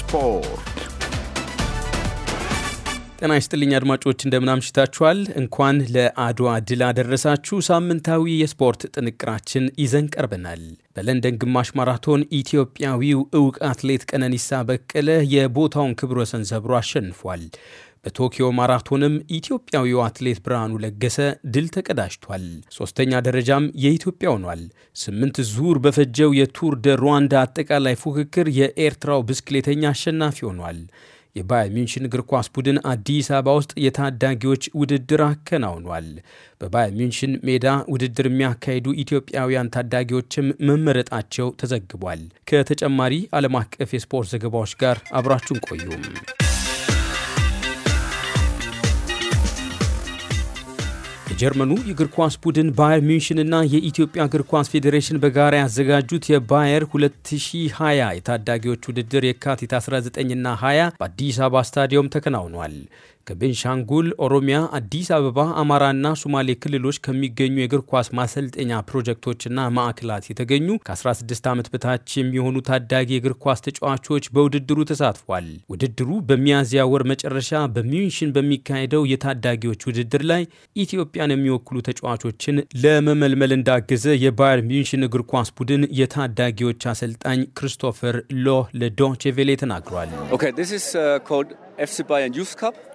ስፖርት። ጤና ይስጥልኝ አድማጮች፣ እንደምናምሽታችኋል። እንኳን ለአድዋ ድል አደረሳችሁ። ሳምንታዊ የስፖርት ጥንቅራችን ይዘን ቀርበናል። በለንደን ግማሽ ማራቶን ኢትዮጵያዊው እውቅ አትሌት ቀነኒሳ በቀለ የቦታውን ክብረ ወሰን ሰብሮ አሸንፏል። በቶኪዮ ማራቶንም ኢትዮጵያዊው አትሌት ብርሃኑ ለገሰ ድል ተቀዳጅቷል። ሶስተኛ ደረጃም የኢትዮጵያ ሆኗል። ስምንት ዙር በፈጀው የቱር ደ ሩዋንዳ አጠቃላይ ፉክክር የኤርትራው ብስክሌተኛ አሸናፊ ሆኗል። የባየር ሚንሽን እግር ኳስ ቡድን አዲስ አበባ ውስጥ የታዳጊዎች ውድድር አከናውኗል። በባየር ሚንሽን ሜዳ ውድድር የሚያካሂዱ ኢትዮጵያውያን ታዳጊዎችም መመረጣቸው ተዘግቧል። ከተጨማሪ ዓለም አቀፍ የስፖርት ዘገባዎች ጋር አብራችሁን ቆዩም። የጀርመኑ የእግር ኳስ ቡድን ባየር እና የኢትዮጵያ እግር ኳስ ፌዴሬሽን በጋራ ያዘጋጁት የባየር 2020 የታዳጊዎች ውድድር የካቲት 19ና 20 በአዲስ አበባ ስታዲየም ተከናውኗል። ከቤንሻንጉል፣ ኦሮሚያ፣ አዲስ አበባ፣ አማራና ሶማሌ ክልሎች ከሚገኙ የእግር ኳስ ማሰልጠኛ ፕሮጀክቶችና ማዕከላት የተገኙ ከ16 ዓመት በታች የሚሆኑ ታዳጊ የእግር ኳስ ተጫዋቾች በውድድሩ ተሳትፏል። ውድድሩ በሚያዝያ ወር መጨረሻ በሚንሽን በሚካሄደው የታዳጊዎች ውድድር ላይ ኢትዮጵያን የሚወክሉ ተጫዋቾችን ለመመልመል እንዳገዘ የባየር ሚንሽን እግር ኳስ ቡድን የታዳጊዎች አሰልጣኝ ክሪስቶፈር ሎ ለዶቼቬሌ ተናግሯል።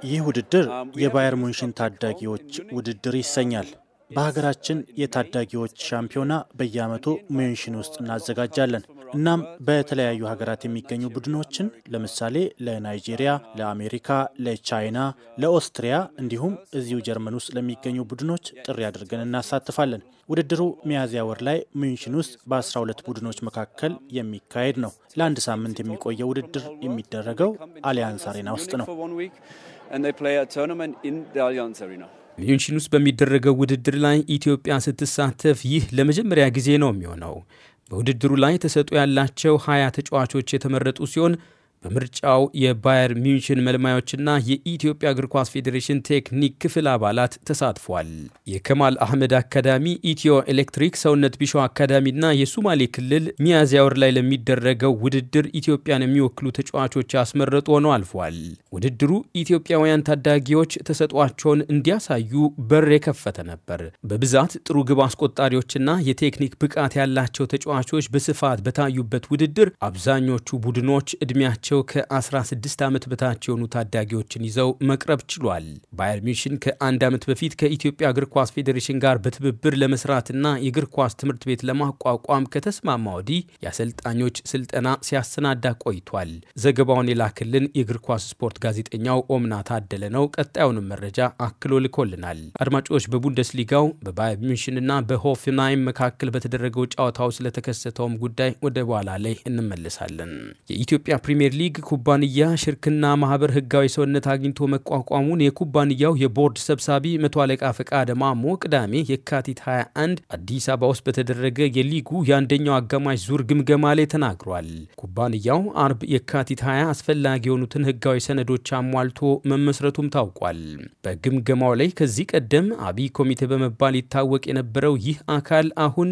ይህ ውድድር የባየር ሙንሽን ታዳጊዎች ውድድር ይሰኛል። በሀገራችን የታዳጊዎች ሻምፒዮና በየዓመቱ ሙንሽን ውስጥ እናዘጋጃለን። እናም በተለያዩ ሀገራት የሚገኙ ቡድኖችን ለምሳሌ ለናይጄሪያ፣ ለአሜሪካ፣ ለቻይና፣ ለኦስትሪያ እንዲሁም እዚሁ ጀርመን ውስጥ ለሚገኙ ቡድኖች ጥሪ አድርገን እናሳትፋለን። ውድድሩ ሚያዝያ ወር ላይ ሚንሽን ውስጥ በ12 ቡድኖች መካከል የሚካሄድ ነው። ለአንድ ሳምንት የሚቆየው ውድድር የሚደረገው አሊያንስ አሬና ውስጥ ነው። ሚንሽን ውስጥ በሚደረገው ውድድር ላይ ኢትዮጵያ ስትሳተፍ ይህ ለመጀመሪያ ጊዜ ነው የሚሆነው። በውድድሩ ላይ ተሰጥኦ ያላቸው ሀያ ተጫዋቾች የተመረጡ ሲሆን በምርጫው የባየር ሚንሽን መልማዮችና የኢትዮጵያ እግር ኳስ ፌዴሬሽን ቴክኒክ ክፍል አባላት ተሳትፏል። የከማል አህመድ አካዳሚ፣ ኢትዮ ኤሌክትሪክ፣ ሰውነት ቢሻው አካዳሚና የሱማሌ ክልል ሚያዝያ ወር ላይ ለሚደረገው ውድድር ኢትዮጵያን የሚወክሉ ተጫዋቾች ያስመረጡ ሆነው አልፏል። ውድድሩ ኢትዮጵያውያን ታዳጊዎች ተሰጧቸውን እንዲያሳዩ በር የከፈተ ነበር። በብዛት ጥሩ ግብ አስቆጣሪዎችና የቴክኒክ ብቃት ያላቸው ተጫዋቾች በስፋት በታዩበት ውድድር አብዛኞቹ ቡድኖች ዕድሜያቸው ቡድናቸው ከ16 ዓመት በታች የሆኑ ታዳጊዎችን ይዘው መቅረብ ችሏል። ባየር ሚሽን ከአንድ ዓመት በፊት ከኢትዮጵያ እግር ኳስ ፌዴሬሽን ጋር በትብብር ለመስራትና የእግር ኳስ ትምህርት ቤት ለማቋቋም ከተስማማ ወዲህ የአሰልጣኞች ስልጠና ሲያሰናዳ ቆይቷል። ዘገባውን የላክልን የእግር ኳስ ስፖርት ጋዜጠኛው ኦምና ታደለ ነው። ቀጣዩንም መረጃ አክሎ ልኮልናል። አድማጮች፣ በቡንደስሊጋው በባየር ሚሽንና በሆፍናይም መካከል በተደረገው ጨዋታው ስለተከሰተውም ጉዳይ ወደ በኋላ ላይ እንመለሳለን። የኢትዮጵያ ፕሪምየር ሊግ ኩባንያ ሽርክና ማህበር ህጋዊ ሰውነት አግኝቶ መቋቋሙን የኩባንያው የቦርድ ሰብሳቢ መቶ አለቃ ፈቃደ ማሞ ቅዳሜ የካቲት 21 አዲስ አበባ ውስጥ በተደረገ የሊጉ የአንደኛው አጋማሽ ዙር ግምገማ ላይ ተናግሯል። ኩባንያው አርብ የካቲት 20 አስፈላጊ የሆኑትን ህጋዊ ሰነዶች አሟልቶ መመስረቱም ታውቋል። በግምገማው ላይ ከዚህ ቀደም አብይ ኮሚቴ በመባል ይታወቅ የነበረው ይህ አካል አሁን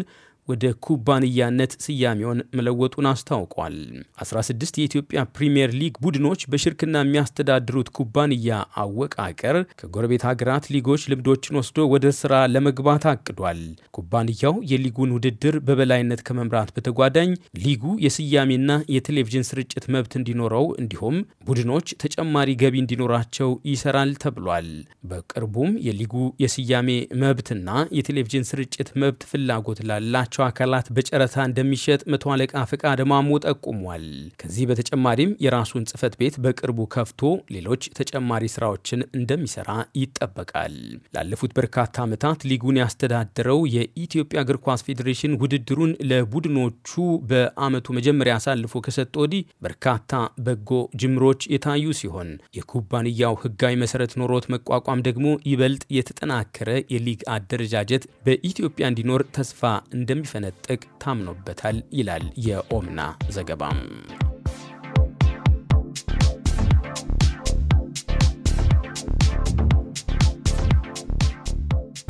ወደ ኩባንያነት ስያሜውን መለወጡን አስታውቋል። 16 የኢትዮጵያ ፕሪምየር ሊግ ቡድኖች በሽርክና የሚያስተዳድሩት ኩባንያ አወቃቀር ከጎረቤት ሀገራት ሊጎች ልምዶችን ወስዶ ወደ ስራ ለመግባት አቅዷል። ኩባንያው የሊጉን ውድድር በበላይነት ከመምራት በተጓዳኝ ሊጉ የስያሜና የቴሌቪዥን ስርጭት መብት እንዲኖረው እንዲሁም ቡድኖች ተጨማሪ ገቢ እንዲኖራቸው ይሰራል ተብሏል። በቅርቡም የሊጉ የስያሜ መብትና የቴሌቪዥን ስርጭት መብት ፍላጎት ላላቸው ያላቸው አካላት በጨረታ እንደሚሸጥ መቶ አለቃ ፍቃደ ማሞ ጠቁሟል። ከዚህ በተጨማሪም የራሱን ጽህፈት ቤት በቅርቡ ከፍቶ ሌሎች ተጨማሪ ስራዎችን እንደሚሰራ ይጠበቃል። ላለፉት በርካታ ዓመታት ሊጉን ያስተዳደረው የኢትዮጵያ እግር ኳስ ፌዴሬሽን ውድድሩን ለቡድኖቹ በዓመቱ መጀመሪያ አሳልፎ ከሰጠ ወዲህ በርካታ በጎ ጅምሮች የታዩ ሲሆን የኩባንያው ህጋዊ መሰረት ኖሮት መቋቋም ደግሞ ይበልጥ የተጠናከረ የሊግ አደረጃጀት በኢትዮጵያ እንዲኖር ተስፋ እንደሚ እንደሚፈነጥቅ ታምኖበታል ይላል የኦምና ዘገባም።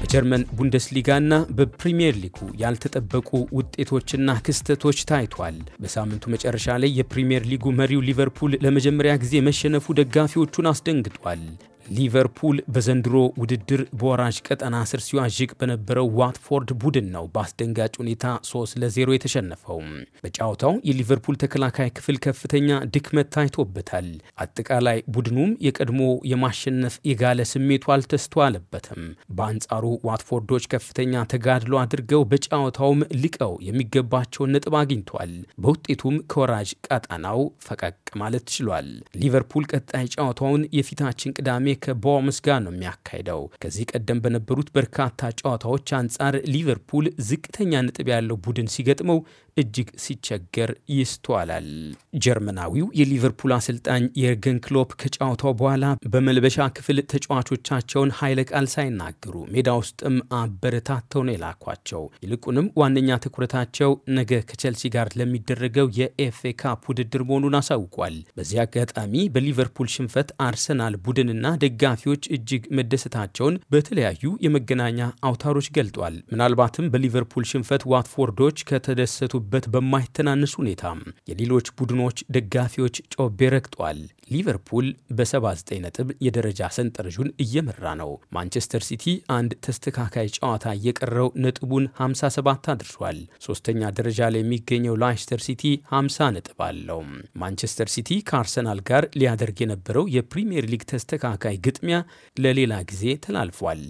በጀርመን ቡንደስሊጋና በፕሪምየር ሊጉ ያልተጠበቁ ውጤቶችና ክስተቶች ታይቷል። በሳምንቱ መጨረሻ ላይ የፕሪምየር ሊጉ መሪው ሊቨርፑል ለመጀመሪያ ጊዜ መሸነፉ ደጋፊዎቹን አስደንግጧል። ሊቨርፑል በዘንድሮ ውድድር በወራጅ ቀጠና ስር ሲዋዥቅ በነበረው ዋትፎርድ ቡድን ነው በአስደንጋጭ ሁኔታ 3 ለ0 የተሸነፈው። በጨዋታው የሊቨርፑል ተከላካይ ክፍል ከፍተኛ ድክመት ታይቶበታል። አጠቃላይ ቡድኑም የቀድሞ የማሸነፍ የጋለ ስሜቱ አልተስተዋለበትም። በአንጻሩ ዋትፎርዶች ከፍተኛ ተጋድሎ አድርገው በጨዋታውም ልቀው የሚገባቸውን ነጥብ አግኝቷል። በውጤቱም ከወራጅ ቀጠናው ፈቀቅ ማለት ችሏል። ሊቨርፑል ቀጣይ ጨዋታውን የፊታችን ቅዳሜ ከቦምስ ጋር ነው የሚያካሂደው። ከዚህ ቀደም በነበሩት በርካታ ጨዋታዎች አንጻር ሊቨርፑል ዝቅተኛ ነጥብ ያለው ቡድን ሲገጥመው እጅግ ሲቸገር ይስተዋላል። ጀርመናዊው የሊቨርፑል አሰልጣኝ የርገን ክሎፕ ከጨዋታው በኋላ በመልበሻ ክፍል ተጫዋቾቻቸውን ኃይለ ቃል ሳይናገሩ ሜዳ ውስጥም አበረታተው ነው የላኳቸው። ይልቁንም ዋነኛ ትኩረታቸው ነገ ከቸልሲ ጋር ለሚደረገው የኤፍኤ ካፕ ውድድር መሆኑን አሳውቋል። አድርጓል። በዚህ አጋጣሚ በሊቨርፑል ሽንፈት አርሰናል ቡድንና ደጋፊዎች እጅግ መደሰታቸውን በተለያዩ የመገናኛ አውታሮች ገልጧል። ምናልባትም በሊቨርፑል ሽንፈት ዋትፎርዶች ከተደሰቱበት በማይተናነስ ሁኔታ የሌሎች ቡድኖች ደጋፊዎች ጮቤ ረግጧል። ሊቨርፑል በ79 ነጥብ የደረጃ ሰንጠረዡን እየመራ ነው። ማንቸስተር ሲቲ አንድ ተስተካካይ ጨዋታ እየቀረው ነጥቡን 57 አድርሷል። ሶስተኛ ደረጃ ላይ የሚገኘው ላይስተር ሲቲ 50 ነጥብ አለው። ማንቸስተር ሲቲ ከአርሰናል ጋር ሊያደርግ የነበረው የፕሪምየር ሊግ ተስተካካይ ግጥሚያ ለሌላ ጊዜ ተላልፏል።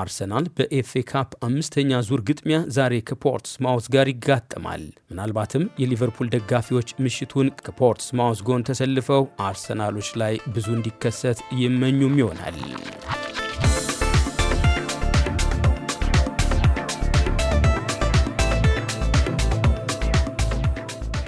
አርሰናል በኤፍኤ ካፕ አምስተኛ ዙር ግጥሚያ ዛሬ ከፖርትስ ማውዝ ጋር ይጋጠማል። ምናልባትም የሊቨርፑል ደጋፊዎች ምሽቱን ከፖርትስ ማውስ ጎን ተሰልፈው አርሰናሎች ላይ ብዙ እንዲከሰት ይመኙም ይሆናል።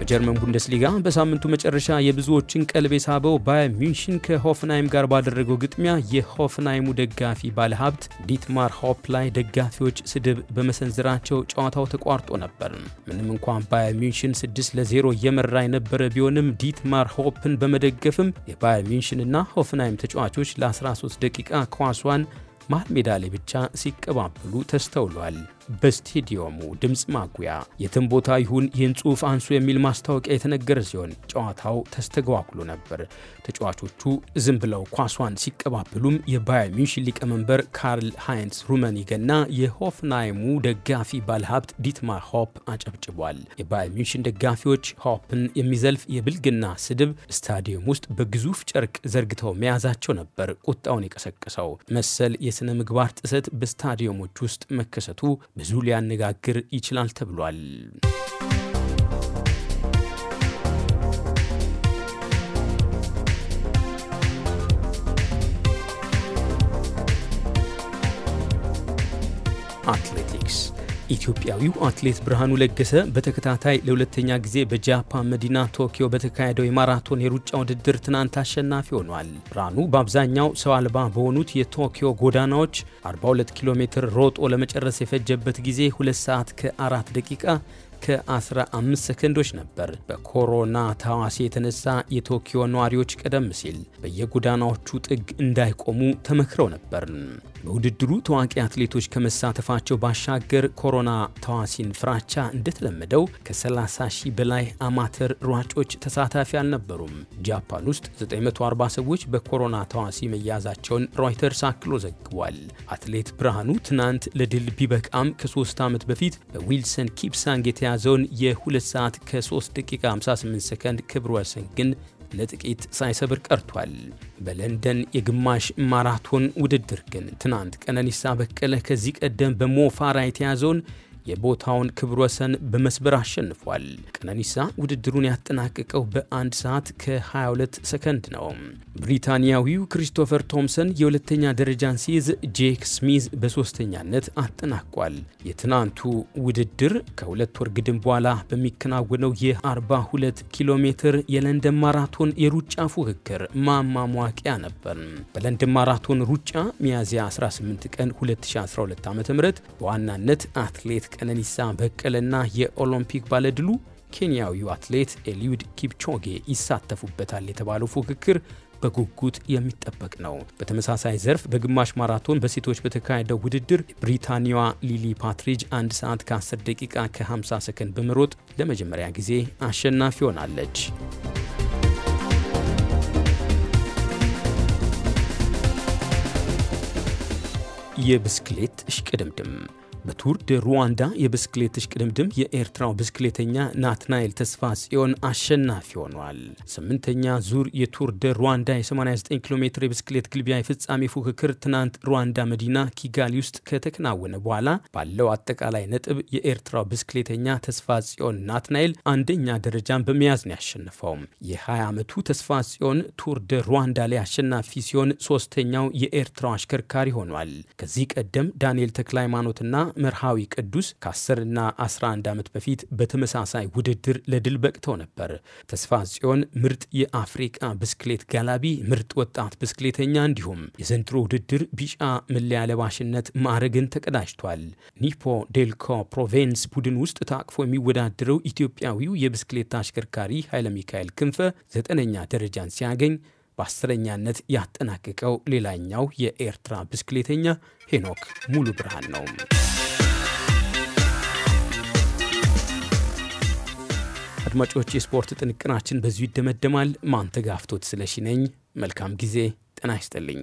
በጀርመን ቡንደስሊጋ በሳምንቱ መጨረሻ የብዙዎችን ቀልብ የሳበው ባየር ሚንሽን ከሆፍናይም ጋር ባደረገው ግጥሚያ የሆፍናይሙ ደጋፊ ባለሀብት ዲትማር ሆፕ ላይ ደጋፊዎች ስድብ በመሰንዝራቸው ጨዋታው ተቋርጦ ነበር። ምንም እንኳን ባየር ሚንሽን 6 ለ0 እየመራ የነበረ ቢሆንም ዲትማር ሆፕን በመደገፍም የባየር ሚንሽንና ሆፍናይም ተጫዋቾች ለ13 ደቂቃ ኳሷን መሃል ሜዳ ላይ ብቻ ሲቀባበሉ ተስተውሏል። በስቴዲየሙ ድምፅ ማጉያ የትም ቦታ ይሁን ይህን ጽሑፍ አንሱ የሚል ማስታወቂያ የተነገረ ሲሆን ጨዋታው ተስተጓጉሎ ነበር። ተጫዋቾቹ ዝም ብለው ኳሷን ሲቀባበሉም የባየር ሚንሽን ሊቀመንበር ካርል ሃይንስ ሩመኒገና የሆፍናይሙ ደጋፊ ባለሀብት ዲትማር ሆፕ አጨብጭቧል። የባየር ሚንሽን ደጋፊዎች ሆፕን የሚዘልፍ የብልግና ስድብ ስታዲየም ውስጥ በግዙፍ ጨርቅ ዘርግተው መያዛቸው ነበር ቁጣውን የቀሰቀሰው መሰል የሥነ ምግባር ጥሰት በስታዲየሞች ውስጥ መከሰቱ ብዙ ሊያነጋግር ይችላል ተብሏል። አትሌቲክስ ኢትዮጵያዊው አትሌት ብርሃኑ ለገሰ በተከታታይ ለሁለተኛ ጊዜ በጃፓን መዲና ቶኪዮ በተካሄደው የማራቶን የሩጫ ውድድር ትናንት አሸናፊ ሆኗል። ብርሃኑ በአብዛኛው ሰው አልባ በሆኑት የቶኪዮ ጎዳናዎች 42 ኪሎ ሜትር ሮጦ ለመጨረስ የፈጀበት ጊዜ 2 ሰዓት ከ4 ደቂቃ ከ15 ሰከንዶች ነበር። በኮሮና ታዋሲ የተነሳ የቶኪዮ ነዋሪዎች ቀደም ሲል በየጎዳናዎቹ ጥግ እንዳይቆሙ ተመክረው ነበር። በውድድሩ ታዋቂ አትሌቶች ከመሳተፋቸው ባሻገር ኮሮና ተዋሲን ፍራቻ እንደተለመደው ከ30 ሺህ በላይ አማተር ሯጮች ተሳታፊ አልነበሩም። ጃፓን ውስጥ 940 ሰዎች በኮሮና ተዋሲ መያዛቸውን ሮይተርስ አክሎ ዘግቧል። አትሌት ብርሃኑ ትናንት ለድል ቢበቃም ከሶስት ዓመት በፊት በዊልሰን ኪፕሳንግ የተያዘውን የ2 ሰዓት ከ3 ደቂቃ 58 ሰከንድ ክብረ ወሰን ግን ለጥቂት ሳይሰብር ቀርቷል። በለንደን የግማሽ ማራቶን ውድድር ግን ትናንት ቀነኒሳ በቀለ ከዚህ ቀደም በሞፋራ የተያዘውን የቦታውን ክብረ ወሰን በመስበር አሸንፏል። ቀነኒሳ ውድድሩን ያጠናቀቀው በአንድ ሰዓት ከ22 ሰከንድ ነው። ብሪታንያዊው ክሪስቶፈር ቶምሰን የሁለተኛ ደረጃን ሲይዝ ጄክ ስሚዝ በሶስተኛነት አጠናቋል። የትናንቱ ውድድር ከሁለት ወር ግድም በኋላ በሚከናወነው የ42 ኪሎ ሜትር የለንደን ማራቶን የሩጫ ፉክክር ማማሟቂያ ነበር። በለንደን ማራቶን ሩጫ ሚያዝያ 18 ቀን 2012 ዓ ም በዋናነት አትሌት ቀነኒሳ በቀለና የኦሎምፒክ ባለድሉ ኬንያዊው አትሌት ኤሊዩድ ኪፕቾጌ ይሳተፉበታል የተባለው ፉክክር በጉጉት የሚጠበቅ ነው። በተመሳሳይ ዘርፍ በግማሽ ማራቶን በሴቶች በተካሄደው ውድድር ብሪታንያዋ ሊሊ ፓትሪጅ አንድ ሰዓት ከ10 ደቂቃ ከ50 ሰከንድ በመሮጥ ለመጀመሪያ ጊዜ አሸናፊ ሆናለች። የብስክሌት እሽቅድምድም በቱር ደ ሩዋንዳ የብስክሌት እሽቅድምድም የኤርትራው ብስክሌተኛ ናትናኤል ተስፋ ጽዮን አሸናፊ ሆኗል። ስምንተኛ ዙር የቱር ደ ሩዋንዳ የ89 ኪሎ ሜትር የብስክሌት ግልቢያ የፍጻሜ ፉክክር ትናንት ሩዋንዳ መዲና ኪጋሊ ውስጥ ከተከናወነ በኋላ ባለው አጠቃላይ ነጥብ የኤርትራው ብስክሌተኛ ተስፋ ጽዮን ናትናኤል አንደኛ ደረጃን በመያዝ ነው ያሸነፈው። የ20 ዓመቱ ተስፋ ጽዮን ቱር ደ ሩዋንዳ ላይ አሸናፊ ሲሆን ሶስተኛው የኤርትራው አሽከርካሪ ሆኗል። ከዚህ ቀደም ዳንኤል ተክለ ሃይማኖትና መርሃዊ ቅዱስ ከ10ና 11 ዓመት በፊት በተመሳሳይ ውድድር ለድል በቅተው ነበር። ተስፋ ጽዮን ምርጥ የአፍሪቃ ብስክሌት ጋላቢ፣ ምርጥ ወጣት ብስክሌተኛ እንዲሁም የዘንድሮ ውድድር ቢጫ መለያ ለባሽነት ማዕረግን ተቀዳጅቷል። ኒፖ ዴልኮ ፕሮቬንስ ቡድን ውስጥ ታቅፎ የሚወዳደረው ኢትዮጵያዊው የብስክሌት አሽከርካሪ ኃይለ ሚካኤል ክንፈ ዘጠነኛ ደረጃን ሲያገኝ በአስረኛነት ያጠናቀቀው ሌላኛው የኤርትራ ብስክሌተኛ ሄኖክ ሙሉ ብርሃን ነው። አድማጮች፣ የስፖርት ጥንቅናችን በዚሁ ይደመደማል። ማንተጋፍቶት ስለሺ ነኝ። መልካም ጊዜ። ጤና ይስጥልኝ።